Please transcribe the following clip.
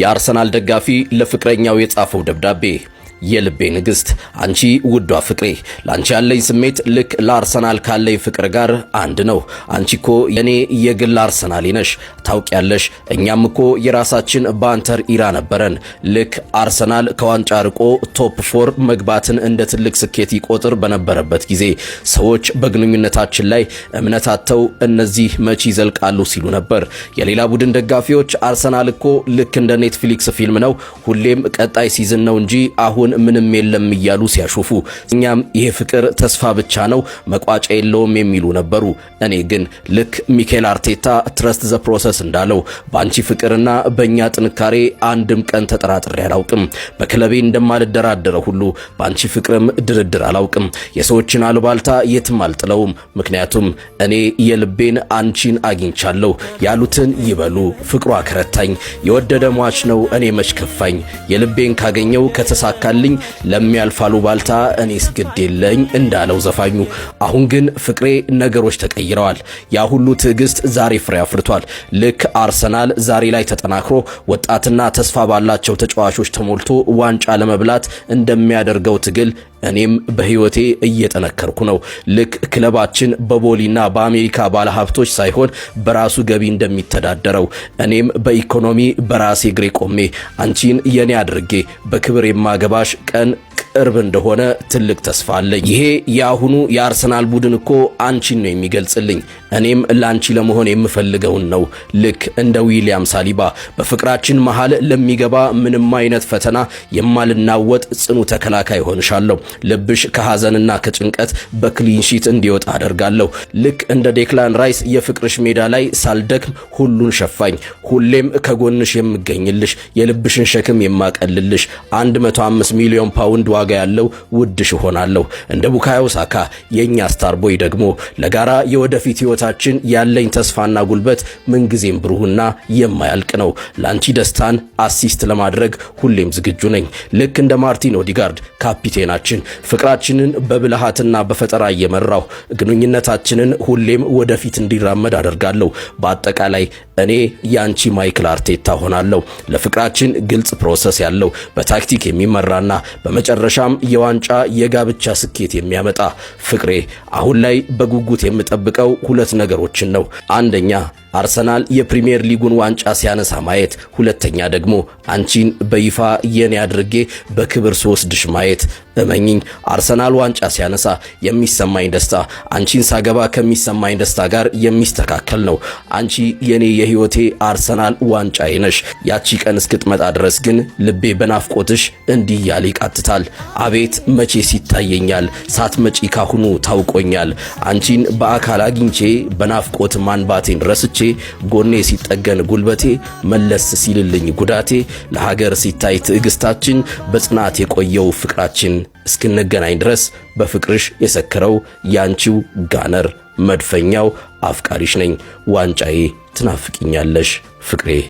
የአርሰናል ደጋፊ ለፍቅረኛው የጻፈው ደብዳቤ የልቤ ንግሥት አንቺ ውዷ ፍቅሬ፣ ለአንቺ ያለኝ ስሜት ልክ ለአርሰናል ካለኝ ፍቅር ጋር አንድ ነው። አንቺ እኮ የኔ የግል አርሰናሌ ነሽ፣ ታውቂያለሽ። እኛም እኮ የራሳችን ባንተር ኢራ ነበረን። ልክ አርሰናል ከዋንጫ ርቆ ቶፕ ፎር መግባትን እንደ ትልቅ ስኬት ይቆጥር በነበረበት ጊዜ ሰዎች በግንኙነታችን ላይ እምነት አጥተው እነዚህ መቼ ይዘልቃሉ ሲሉ ነበር። የሌላ ቡድን ደጋፊዎች አርሰናል እኮ ልክ እንደ ኔትፍሊክስ ፊልም ነው፣ ሁሌም ቀጣይ ሲዝን ነው እንጂ አሁን ምንም የለም እያሉ ሲያሾፉ፣ እኛም ይሄ ፍቅር ተስፋ ብቻ ነው መቋጫ የለውም የሚሉ ነበሩ። እኔ ግን ልክ ሚኬል አርቴታ ትረስት ዘ ፕሮሰስ እንዳለው በአንቺ ፍቅርና በእኛ ጥንካሬ አንድም ቀን ተጠራጥሬ አላውቅም። በክለቤ እንደማልደራደረ ሁሉ በአንቺ ፍቅርም ድርድር አላውቅም። የሰዎችን አልባልታ የትም አልጥለውም። ምክንያቱም እኔ የልቤን አንቺን አግኝቻለሁ። ያሉትን ይበሉ። ፍቅሯ ከረታኝ፣ የወደደ ሟች ነው። እኔ መች ከፋኝ። የልቤን ካገኘው ከተሳካ ይምጣልኝ ለሚያልፋሉ ባልታ እኔስ ግድ የለኝ እንዳለው ዘፋኙ። አሁን ግን ፍቅሬ ነገሮች ተቀይረዋል። ያ ሁሉ ትዕግስት ዛሬ ፍሬ አፍርቷል። ልክ አርሰናል ዛሬ ላይ ተጠናክሮ ወጣትና ተስፋ ባላቸው ተጫዋቾች ተሞልቶ ዋንጫ ለመብላት እንደሚያደርገው ትግል እኔም በህይወቴ እየጠነከርኩ ነው። ልክ ክለባችን በቦሊና በአሜሪካ ባለሀብቶች ሳይሆን በራሱ ገቢ እንደሚተዳደረው እኔም በኢኮኖሚ በራሴ እግሬ ቆሜ አንቺን የኔ አድርጌ በክብር የማገባሽ ቀን ቅርብ እንደሆነ ትልቅ ተስፋ አለኝ። ይሄ የአሁኑ የአርሰናል ቡድን እኮ አንቺን ነው የሚገልጽልኝ። እኔም ለአንቺ ለመሆን የምፈልገውን ነው። ልክ እንደ ዊሊያም ሳሊባ በፍቅራችን መሃል ለሚገባ ምንም አይነት ፈተና የማልናወጥ ጽኑ ተከላካይ ሆንሻለሁ። ልብሽ ከሐዘንና ከጭንቀት በክሊንሺት እንዲወጣ አደርጋለሁ። ልክ እንደ ዴክላን ራይስ የፍቅርሽ ሜዳ ላይ ሳልደክም ሁሉን ሸፋኝ፣ ሁሌም ከጎንሽ የምገኝልሽ፣ የልብሽን ሸክም የማቀልልሽ 105 ሚሊዮን ፓውንድ ዋጋ ያለው ውድሽ እሆናለሁ። እንደ ቡካዮ ሳካ የእኛ ስታርቦይ ደግሞ ለጋራ የወደፊት ሕይወታችን ያለኝ ተስፋና ጉልበት ምንጊዜም ብሩህና የማያልቅ ነው። ለአንቺ ደስታን አሲስት ለማድረግ ሁሌም ዝግጁ ነኝ። ልክ እንደ ማርቲን ኦዲጋርድ ካፒቴናችን፣ ፍቅራችንን በብልሃትና በፈጠራ እየመራሁ ግንኙነታችንን ሁሌም ወደፊት እንዲራመድ አደርጋለሁ። በአጠቃላይ እኔ ያንቺ ማይክል አርቴታ ሆናለሁ። ለፍቅራችን ግልጽ ፕሮሰስ ያለው በታክቲክ የሚመራና በመጨረሻም የዋንጫ የጋብቻ ስኬት የሚያመጣ ፍቅሬ። አሁን ላይ በጉጉት የምጠብቀው ሁለት ነገሮችን ነው። አንደኛ አርሰናል የፕሪሚየር ሊጉን ዋንጫ ሲያነሳ ማየት፣ ሁለተኛ ደግሞ አንቺን በይፋ የኔ አድርጌ በክብር ስወስድሽ ማየት። እመኝኝ አርሰናል ዋንጫ ሲያነሳ የሚሰማኝ ደስታ አንቺን ሳገባ ከሚሰማኝ ደስታ ጋር የሚስተካከል ነው። አንቺ የኔ የህይወቴ አርሰናል ዋንጫዬ ነሽ። ያቺ ቀን እስክትመጣ ድረስ ግን ልቤ በናፍቆትሽ እንዲህ እያለ ይቃትታል። አቤት መቼ ሲታየኛል፣ መጪ ካሁኑ ታውቆኛል። አንቺን በአካል አግኝቼ በናፍቆት ማንባቴን ረስቼ ጎኔ ሲጠገን ጉልበቴ መለስ ሲልልኝ ጉዳቴ ለሀገር ሲታይ ትዕግስታችን በጽናት የቆየው ፍቅራችን እስክንገናኝ ድረስ በፍቅርሽ የሰከረው ያንቺው ጋነር መድፈኛው አፍቃሪሽ ነኝ። ዋንጫዬ ትናፍቅኛለሽ ፍቅሬ